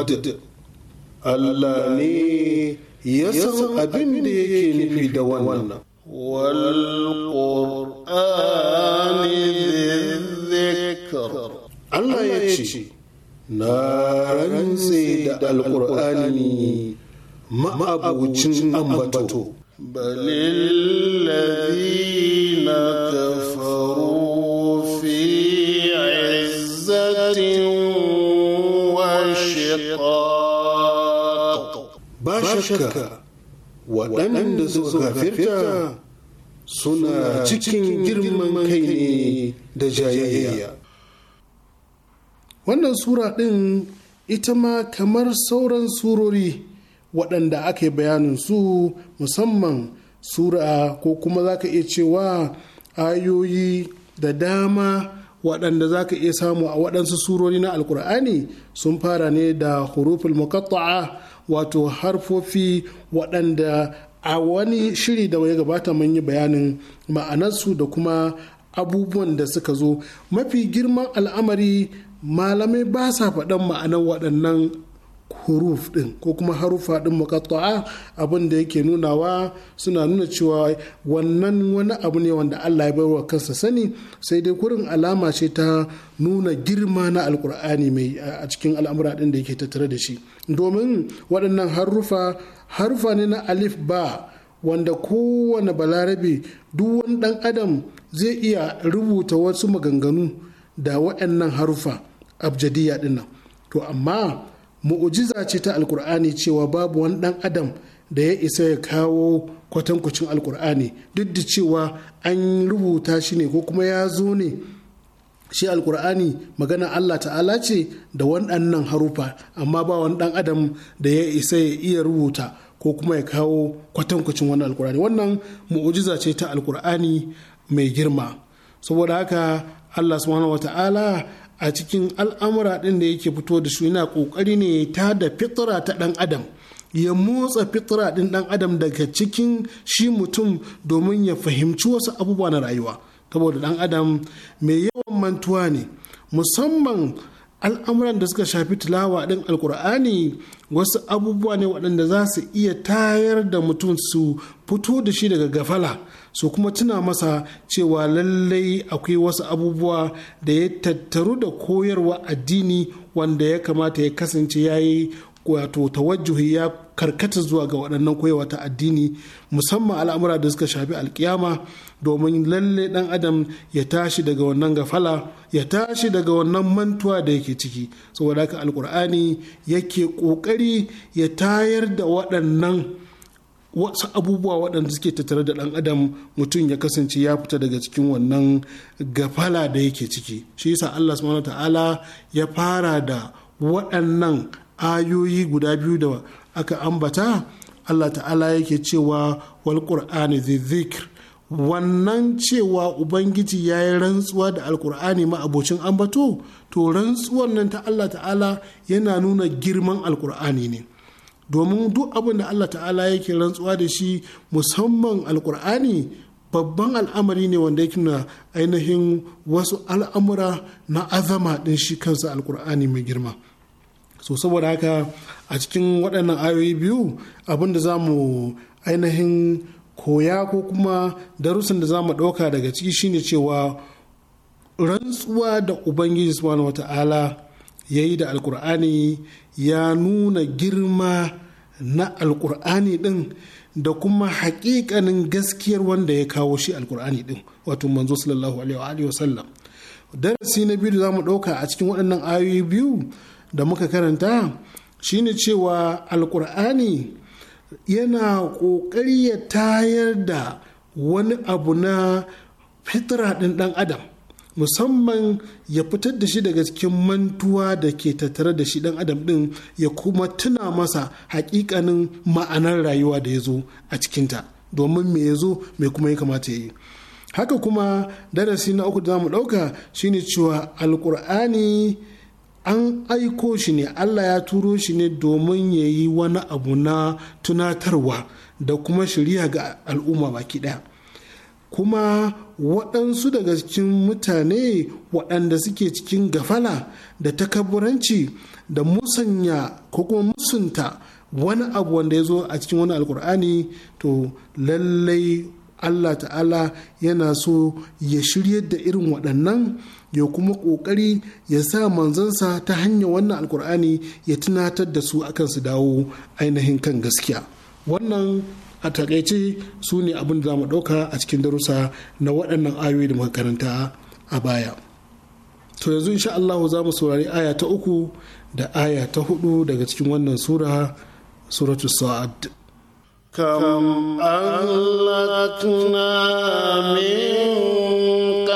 muqaddid Allah ne ya san abin da yake nufi da wannan wal qur'ani Allah ya ce na rantse da alqur'ani ma'abucin ambato balil na shakka waɗanda suka gafirta suna cikin girman kai ne da jayayya wannan sura ɗin ita ma kamar sauran surori waɗanda aka yi bayanin su musamman sura ko kuma za ka iya cewa ayoyi da dama waɗanda za ka iya samu a waɗansu surori na alkur'ani sun fara ne da huruful muqatta'a wato harfofi waɗanda a wani shiri da ya gabata mun yi bayanin ma'anarsu da kuma abubuwan da suka zo mafi girman al'amari malamai ba sa faɗan ma'anar waɗannan huruf din ko kuma harufa din muqatta'a abin da yake nunawa suna nuna cewa wannan wani abu ne wanda Allah ya wa kansa sani sai dai kurin alama ce ta nuna girma na alkur'ani mai a cikin al'amura din da yake tattare da shi domin waɗannan harufa harufa ne na alif ba wanda kowane balarabe duk wani ɗan adam zai iya rubuta wasu maganganu da waɗannan harufa abjadiya dinnan to amma mu'ujiza ce ta alkur'ani cewa babu wani dan adam da ya isa ya kawo kwatankwacin alkur'ani duk da cewa an rubuta shi ne ko kuma ya zo ne shi alkur'ani magana Allah ta'ala ce da waɗannan harufa amma ba wani ɗan adam da ya isa ya iya rubuta ko kuma ya kawo kwatankwacin wani alkur'ani wannan mu'ujiza ce ta alkur'ani mai girma saboda haka Allah subhanahu Ta'ala. a cikin al'amura ɗin da yake fito da su yana ƙoƙari ne ta da fitra ta ɗan adam ya motsa fitra ɗin ɗan adam daga cikin shi mutum domin ya fahimci wasu abubuwa na rayuwa saboda ɗan adam mai yawan mantuwa ne musamman al'amuran da suka shafi tilawa ɗin alkur'ani wasu abubuwa ne waɗanda za su iya tayar da mutum su fito da shi daga gafala su kuma tuna masa cewa lallai akwai wasu abubuwa da ya tattaru da koyarwa addini wanda ya kamata ya kasance ya yi wato tawajjuhi ya karkata zuwa ga waɗannan koyewa ta addini musamman al'amura da suka shafi alkiyama domin lalle ɗan adam ya tashi daga wannan gafala ya tashi daga wannan mantuwa da yake ciki saboda haka alkur'ani yake ƙoƙari ya tayar da waɗannan wasu abubuwa waɗanda suke tattare da ɗan adam mutum ya kasance ya fita daga cikin wannan gafala da yake ciki shi yasa Allah subhanahu ta'ala ya fara da waɗannan ayoyi guda biyu da aka ambata Allah ta'ala yake cewa wal qur'ani zikr wannan cewa ubangiji ya yi rantsuwa da alkur'ani ma'abocin ambato to rantsuwan nan ta Allah ta'ala yana nuna girman alkur'ani ne domin duk abin da Allah ta'ala yake rantsuwa da shi musamman alkur'ani babban al'amari ne wanda yake na ainihin wasu al'amura na azama din shi kansa alkur'ani mai girma so saboda haka a cikin waɗannan ayoyi biyu abin da za mu ainihin koya ko kuma darussan da za mu ɗauka daga ciki shine cewa rantsuwa da ubangiji subhanahu wata'ala ya yi da alkur'ani ya nuna girma na alkur'ani ɗin da kuma hakikanin gaskiyar wanda ya kawo shi alkur'ani ɗin wato manzo sallallahu alaihi wa sallam darasi na biyu da za mu ɗauka a cikin waɗannan ayoyi biyu da muka karanta shine cewa alkur'ani yana ƙoƙari ya tayar da wani abu na fitra ɗin ɗan adam musamman ya fitar da shi daga cikin mantuwa da ke tattare da shi ɗan adam ɗin ya kuma tuna masa hakikanin ma'anar rayuwa da ya zo a cikinta domin me ya zo me kuma ya kamata ya yi haka kuma darasi na uku da za mu ɗauka shine cewa alkur'ani an aiko shi ne Allah ya turo shi ne domin ya yi wani abu na tunatarwa da kuma shirya ga al'umma baki ɗaya kuma waɗansu daga cikin mutane waɗanda suke cikin gafala da takaburanci da musanya ko kuma musunta wani abu wanda ya zo a cikin wani alkur'ani to lallai Allah ta'ala yana so ya shiryar da irin waɗannan ya kuma ƙoƙari ya sa manzansa ta hanyar wannan alkur'ani ya tunatar da su akan su dawo ainihin kan gaskiya wannan a takaice su ne abin da za mu ɗauka a cikin darussa na waɗannan ayoyi da muka a baya to yanzu insha Allah za mu saurari aya ta uku da aya ta hudu daga cikin wannan sura suratu sa'ad كم أهلكنا min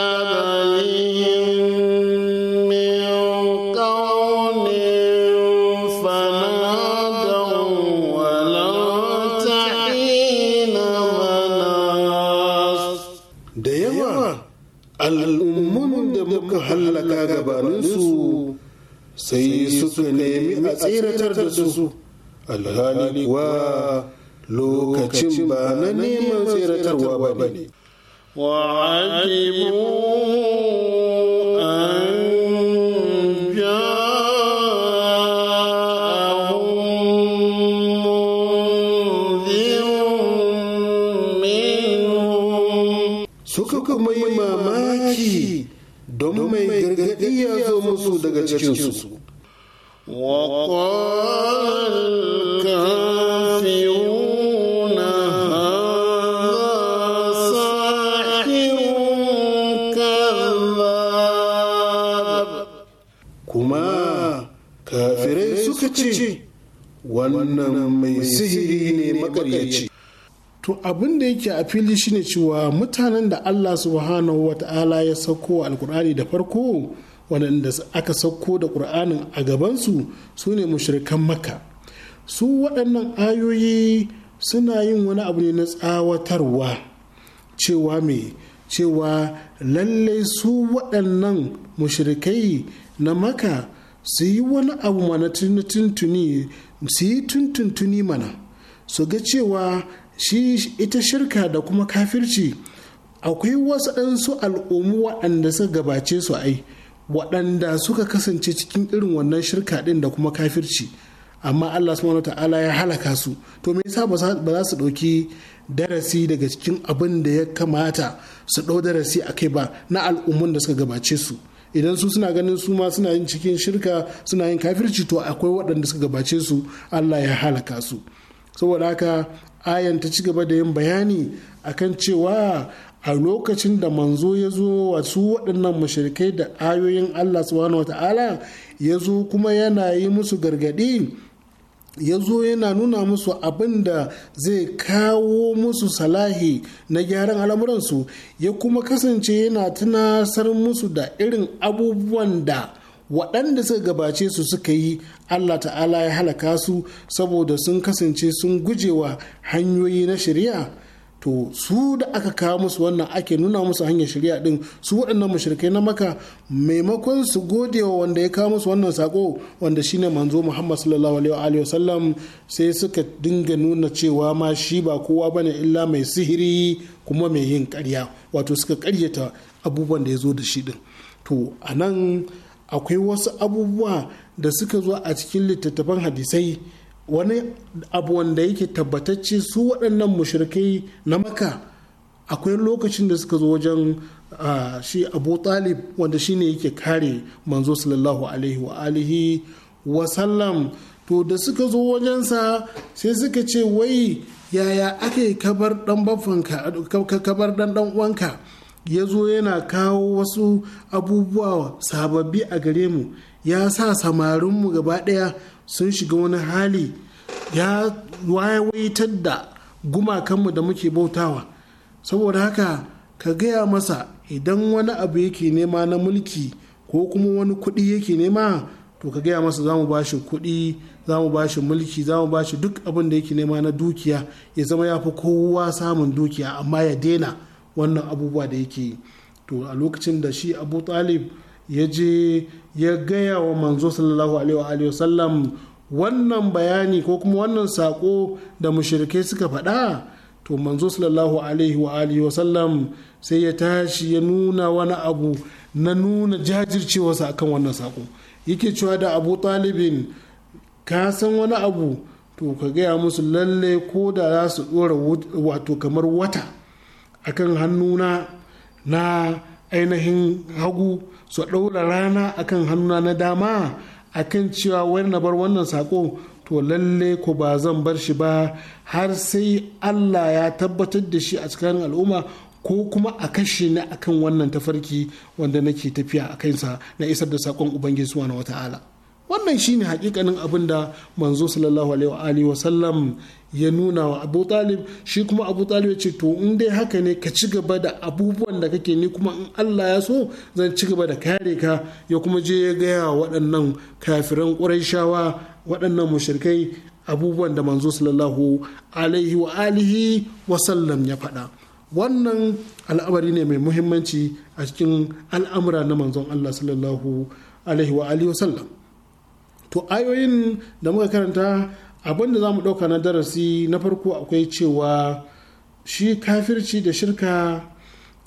sha gabaninsu sai suka nemi a tseratar da su alhali kuwa lokacin ba na neman tseratarwa ba ne. ya zo musu daga cikinsu وقال الكافرون هذا ساحر wannan mai sihiri ne makaryaci. To abin da yake a fili shine cewa mutanen da Allah subhanahu wa ta'ala ya sauko alkur'ani da farko waɗanda aka sauko da ƙur'anin a gabansu su ne mushrikan maka su waɗannan ayoyi suna yin wani abu ne na tsawatarwa cewa me cewa lallai su waɗannan mushrikai na maka su yi wani abu mana tuntuni su yi tuntuntuni mana su ga cewa shi ita shirka da kuma kafirci akwai wasu ɗansu al'ummu waɗanda suka gabace su ai waɗanda suka kasance cikin irin wannan shirka ɗin da kuma kafirci amma Allah subhanahu ta'ala ya halaka su to me yasa ba za su ɗauki darasi daga cikin abin da ya kamata su ɗau darasi a kai ba na al'ummun da suka gabace su idan su suna ganin su ma suna yin cikin shirka suna yin kafirci to akwai waɗanda suka gabace su Allah ya halaka su saboda haka ayan ta ci gaba da yin bayani akan cewa a lokacin da manzo ya zo wa su waɗannan mashirikai da ayoyin Allah subhanahu wa ta'ala ya zo kuma yana yi musu gargaɗi ya zo yana nuna musu abin da zai kawo musu salahi na gyaran al'amuransu ya kuma kasance yana tunasar musu da irin abubuwan da waɗanda suka gabace su suka yi Allah ta'ala ya halaka su saboda sun kasance sun gujewa hanyoyi na shari'a. to su da aka kawo musu wannan ake nuna musu hanyar shirya din su waɗannan mashirkai na maka maimakon su gode wa wanda ya kawo musu wannan sako wanda shine manzo Muhammad sallallahu alaihi wa sallam sai suka dinga nuna cewa ma shi ba kowa bane illa mai sihiri kuma mai yin ƙarya wato suka ƙaryata abubuwan da ya zo da shi din to a nan akwai wasu abubuwa da suka zo a cikin littattafan hadisai wani abu wanda yake tabbatacce su waɗannan mushrikai na maka akwai lokacin da suka zo wajen shi abu talib wanda shi ne yake kare manzo sallallahu alaihi wa alihi wa sallam to da suka zo wajensa sai suka ce wai yaya ake kabar dan kabar dan dan uwanka ya zo yana kawo wasu abubuwa sababbi a gare mu ya sa samarinmu gaba ɗaya sun shiga wani hali ya wayewaitar da gumakanmu da muke bautawa saboda haka ka gaya masa idan wani abu yake nema na mulki ko kuma wani kuɗi yake nema to ka gaya masa za mu bashi kuɗi za mu bashi mulki za mu bashi duk abin da yake nema na dukiya ya zama ya fi kowa samun dukiya amma ya daina wannan abubuwa da yake yi to a lokacin da shi abu talib ya je ya gaya wa manzo sallallahu alaihi wasallam wannan bayani ko kuma wannan sako da mushirikai suka faɗa to manzo sallallahu alaihi wa alihi wasallam sai ya tashi ya nuna wani abu na nuna jajircewarsa akan wannan sako yake cewa da abu talibin ka san wani abu to ka gaya musu lalle ko da za su ɗora wato kamar wata akan hannuna na ainihin hagu su ɗaura rana akan hannuna na dama akan cewa wani na bar wannan sako to lalle ko ba zan bar shi ba har sai Allah ya tabbatar da shi a cikin al'umma ko kuma a kashe ni akan wannan tafarki wanda nake tafiya a kansa na isar da sakon ubangiji subhanahu wata'ala wannan shine hakikanin abin da manzo sallallahu alaihi wa sallam ya nuna wa abu talib shi kuma abu talib ya ce to in dai haka ne ka ci gaba da abubuwan da kake ni kuma in allah ya so zan ci gaba da kare ka ya kuma je ya gaya waɗannan kafiran ƙurayshawa waɗannan mushrikai abubuwan da manzo sallallahu alaihi wa alihi wa sallam ya faɗa wannan al'amari ne mai muhimmanci a cikin al'amura na manzon allah sallallahu alaihi wa alihi wa sallam to ayoyin da muka karanta abinda za mu ɗauka na darasi na farko akwai cewa shi kafirci da shirka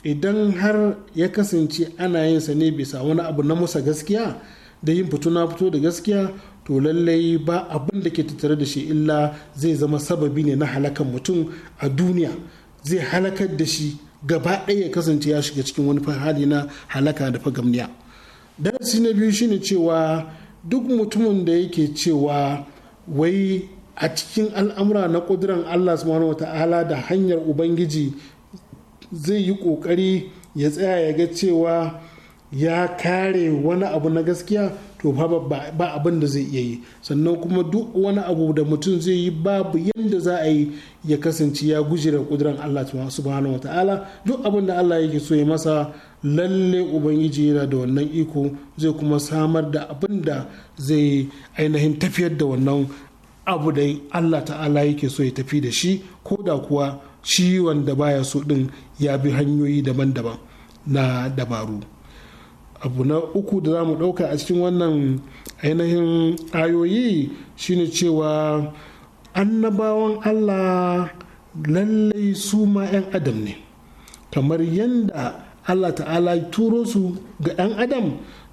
idan har ya kasance ana yin sa ne bisa wani abu na musa gaskiya da yin fito na fito da gaskiya to lallai ba abin da ke tattare da shi illa zai zama sababi ne na halakan mutum a duniya zai halakar da shi gaba ɗaya ya kasance ya shiga cikin wani hali na halaka da fagamniya darasi na biyu shine cewa duk mutumin da yake cewa wai a cikin al'amura na ƙuduran Allah subhanahu wata'ala da hanyar Ubangiji zai yi ƙoƙari ya tsaya ya ga cewa ya kare wani abu na gaskiya to ba abin da zai iya yi sannan kuma duk wani abu da mutum zai yi babu yadda za a yi ya kasance ya guji da kuduran Allah subhanahu wa ta'ala duk abin da Allah yake so ya masa lalle ubangiji yana da wannan iko zai kuma samar da abin da zai ainihin tafiyar da wannan abu da Allah ta'ala yake so ya tafi da shi ko da kuwa ciwon da baya so din ya bi hanyoyi daban-daban na dabaru. abu na uku da za mu ɗauka a cikin wannan ainihin ayoyi shine cewa annabawan allah lallai su ma 'yan adam ne kamar yadda allah ta'ala turo su ga 'yan adam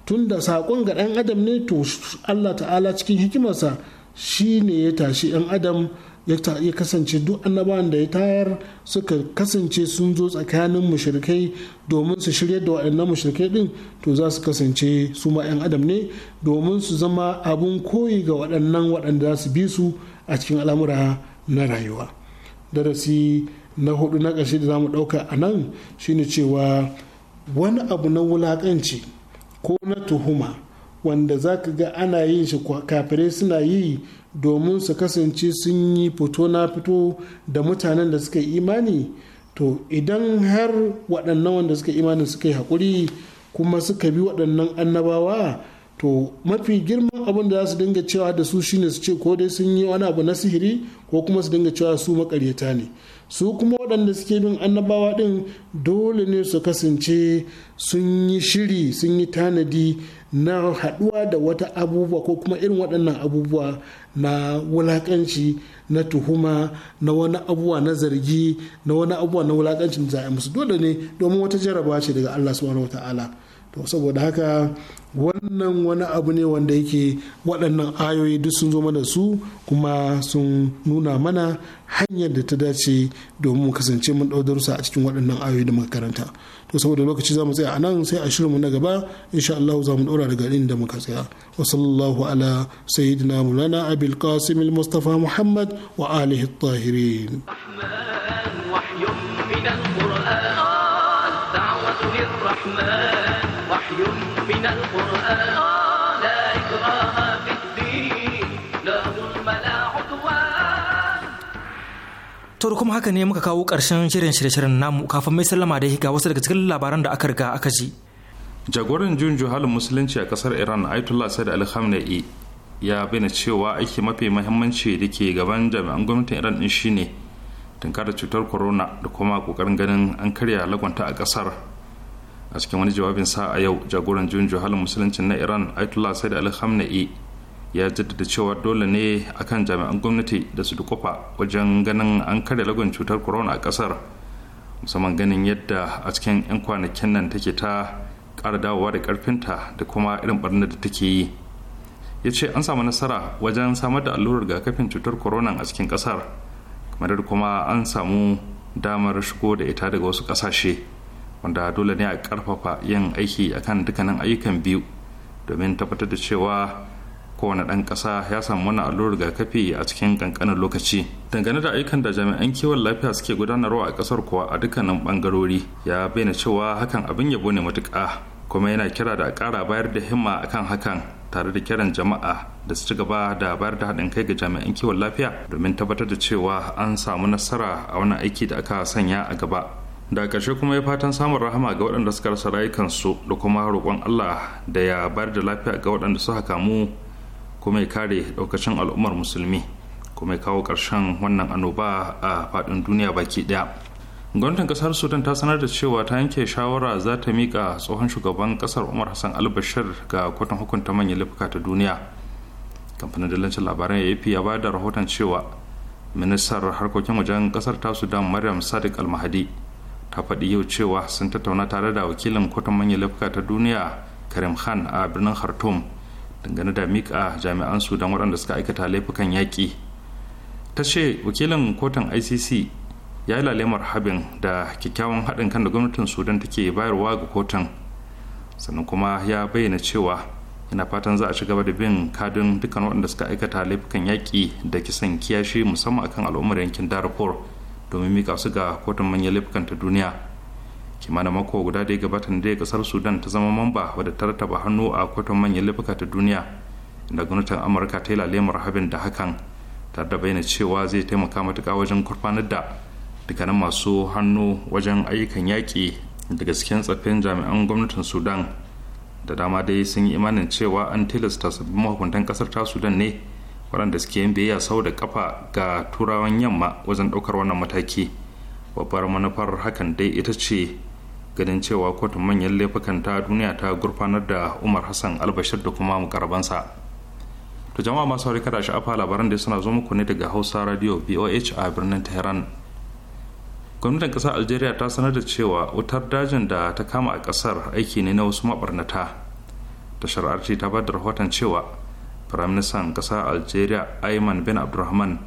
tun da saƙon ga 'yan adam ne to allah ta'ala cikin hikimarsa shine ya tashi 'yan adam ya kasance duk annabawan da ya tayar suka kasance sun zo tsakanin mushrikai domin su shirya da waɗannan mushrikai din to za su kasance su ma 'yan adam ne domin su zama abun koyi ga waɗannan waɗanda za su bi su a cikin al'amura na rayuwa darasi na hudu na ƙarshe da za mu ɗauka a nan shine cewa wani abu na wulaƙanci ko na tuhuma wanda za ka ga ana yin shi kafirai suna yi domin su kasance sun yi fito na fito da mutanen da suka imani to idan har waɗannan wanda suka imanin suka yi haƙuri kuma suka bi waɗannan annabawa to mafi girman abin da za su dinga cewa da su shine su ce ko dai sun yi wani abu na sihiri ko kuma su dinga cewa su makaryata ne su kuma waɗanda suke bin annabawa ɗin dole ne su kasance sun yi shiri sun yi tanadi na haɗuwa da wata abubuwa ko kuma irin waɗannan abubuwa na wulaƙanci na tuhuma na wani abubuwa na zargi na wani abubuwa na wulaƙanci da za musu dole ne domin wata jaraba ce daga Allah subhanahu wata'ala to saboda haka wannan wani abu ne wanda yake waɗannan ayoyi duk sun zo mana su kuma sun nuna mana hanyar da ta dace domin mu kasance mun ɗau darussa a cikin waɗannan ayoyi da muka karanta to saboda lokaci za mu tsaya a nan sai a shirinmu na gaba insha Allah za mu dora daga inda muka tsaya wa sallallahu ala sayyidina mulana abil qasim al mustafa muhammad wa alihi at-tahirin من القرآن To kuma haka ne muka kawo ƙarshen shirin shirye-shiryen namu kafin mai sallama da ga wasu daga cikin labaran da aka riga aka ji. Jagoran jun halin musulunci a kasar Iran Ayatollah Said al Khamenei ya bayyana cewa aiki mafi mahimmanci da ke gaban jami'an gwamnatin Iran din shine tunkar da cutar corona da kuma kokarin ganin an karya lagwanta a kasar A cikin wani jawabin sa a yau jagoran jun halin musulunci na Iran Ayatollah Said al Khamenei ya jaddada cewa dole ne akan jami'an gwamnati da su dukufa wajen ganin an kare lagon cutar corona a kasar musamman ganin yadda a cikin 'yan kwanakin nan take ta ƙara dawowa da ƙarfinta da kuma irin barnar da take yi ya ce an samu nasara wajen samar da allurar rigakafin cutar corona a cikin kasar kamar kuma an samu damar shigo da ita daga wasu kasashe wanda dole ne a karfafa yin aiki akan dukkanin ayyukan biyu domin tabbatar da cewa kowane ɗan ƙasa ya samu wani allurar rigakafi a cikin ƙanƙanin lokaci dangane da ayyukan da jami'an kiwon lafiya suke gudanarwa a ƙasar kuwa a dukkanin ɓangarori ya bayyana cewa hakan abin yabo ne matuƙa kuma yana kira da ƙara bayar da himma akan hakan tare da kiran jama'a da su ci gaba da bayar da haɗin kai ga jami'an kiwon lafiya domin tabbatar da cewa an samu nasara a wani aiki da aka sanya a gaba da ƙarshe kuma ya fatan samun rahama ga waɗanda suka rasa rayukansu da kuma roƙon Allah da ya bayar da lafiya ga waɗanda suka kamu kuma ya kare daukacin al'ummar musulmi kuma ya kawo ƙarshen wannan annoba a faɗin duniya baki ɗaya gwamnatin ƙasar sudan ta sanar da cewa ta yanke shawara za ta miƙa tsohon shugaban ƙasar umar hassan albashir ga kotun hukunta manyan laifuka ta duniya kamfanin dalancin labaran ap ya ba da rahoton cewa ministar harkokin wajen ƙasar ta sudan maryam sadiq almahadi ta faɗi yau cewa sun tattauna tare da wakilin kotun manyan laifuka ta duniya karim khan a birnin khartoum dangane da mika jami'an sudan waɗanda suka aikata laifukan yaƙi ta ce wakilin kotun icc ya yi lalemar habin da kyakkyawan haɗin kan da gwamnatin sudan take bayarwa ga kotun sannan kuma ya bayyana cewa yana fatan za a ci gaba da bin kadin dukkan waɗanda suka aikata laifukan yaƙi da kisan kiyashi musamman akan al'ummar yankin darfur domin mika su ga kotun manyan laifukan ta duniya kimanin mako guda da ya gabata da ya kasar sudan ta zama mamba wadda ta rataba hannu a kwatan manyan laifuka ta duniya da gwamnatin amurka ta yi lalemar habin da hakan tare da bayyana cewa zai taimaka matuka wajen kurfanar da dukkanin masu hannu wajen ayyukan yaƙi da gasken tsaffin jami'an gwamnatin sudan da dama dai sun yi imanin cewa an tilasta sabbin mahukuntan kasar ta sudan ne waɗanda suke yin biyayya sau da kafa ga turawan yamma wajen ɗaukar wannan mataki babbar manufar hakan dai ita ce ganin cewa kotun manyan laifukan ta duniya ta gurfanar da umar hassan albashir da kuma mukarabansa to jama'a masu harika da sha'afa labaran da suna zo muku ne daga hausa radio boh a birnin tehran gwamnatin kasar algeria ta sanar da cewa wutar dajin da ta kama a kasar aiki ne na wasu mabarnata tashar arti ta bada rahoton cewa firaministan kasar algeria ayman bin abdulrahman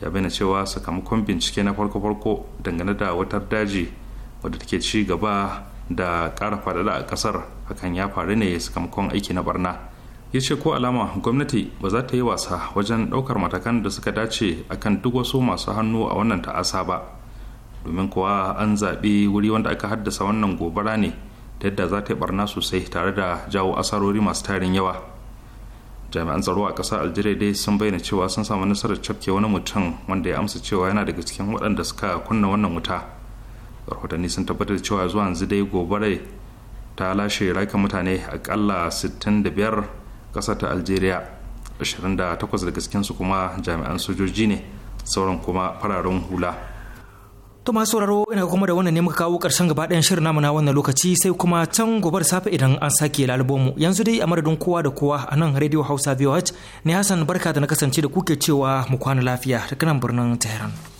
ya bayyana cewa sakamakon bincike na farko-farko dangane da wutar daji wadda take ci gaba da kara faɗaɗa a ƙasar hakan ya faru ne sakamakon aiki na barna ya ce ko alama gwamnati ba za ta yi wasa wajen ɗaukar matakan da suka dace akan duk wasu masu hannu a wannan ta'asa ba domin kuwa an zaɓi wuri wanda aka haddasa wannan gobara ne ta yadda za ta yi barna sosai tare da jawo asarori masu tarin yawa jami'an tsaro a ƙasar algeria dai sun bayyana cewa sun samu nasarar cafke wani mutum wanda ya amsa cewa yana daga cikin waɗanda suka kunna wannan wuta rahotanni sun tabbatar cewa zuwa yanzu dai gobarai ta lashe rayukan mutane akalla 65 kasar ta algeria 28 daga cikinsu kuma jami'an sojoji ne sauran kuma fararen hula to masu sauraro ina kuma da wannan ne muka kawo ƙarshen gaba ɗayan shirin namu na wannan lokaci sai kuma can gobar safe idan an sake lalubomu yanzu dai a madadin kowa da kowa a nan radio hausa voh ne hassan barka da na kasance da kuke cewa mu kwana lafiya da kanan birnin tehran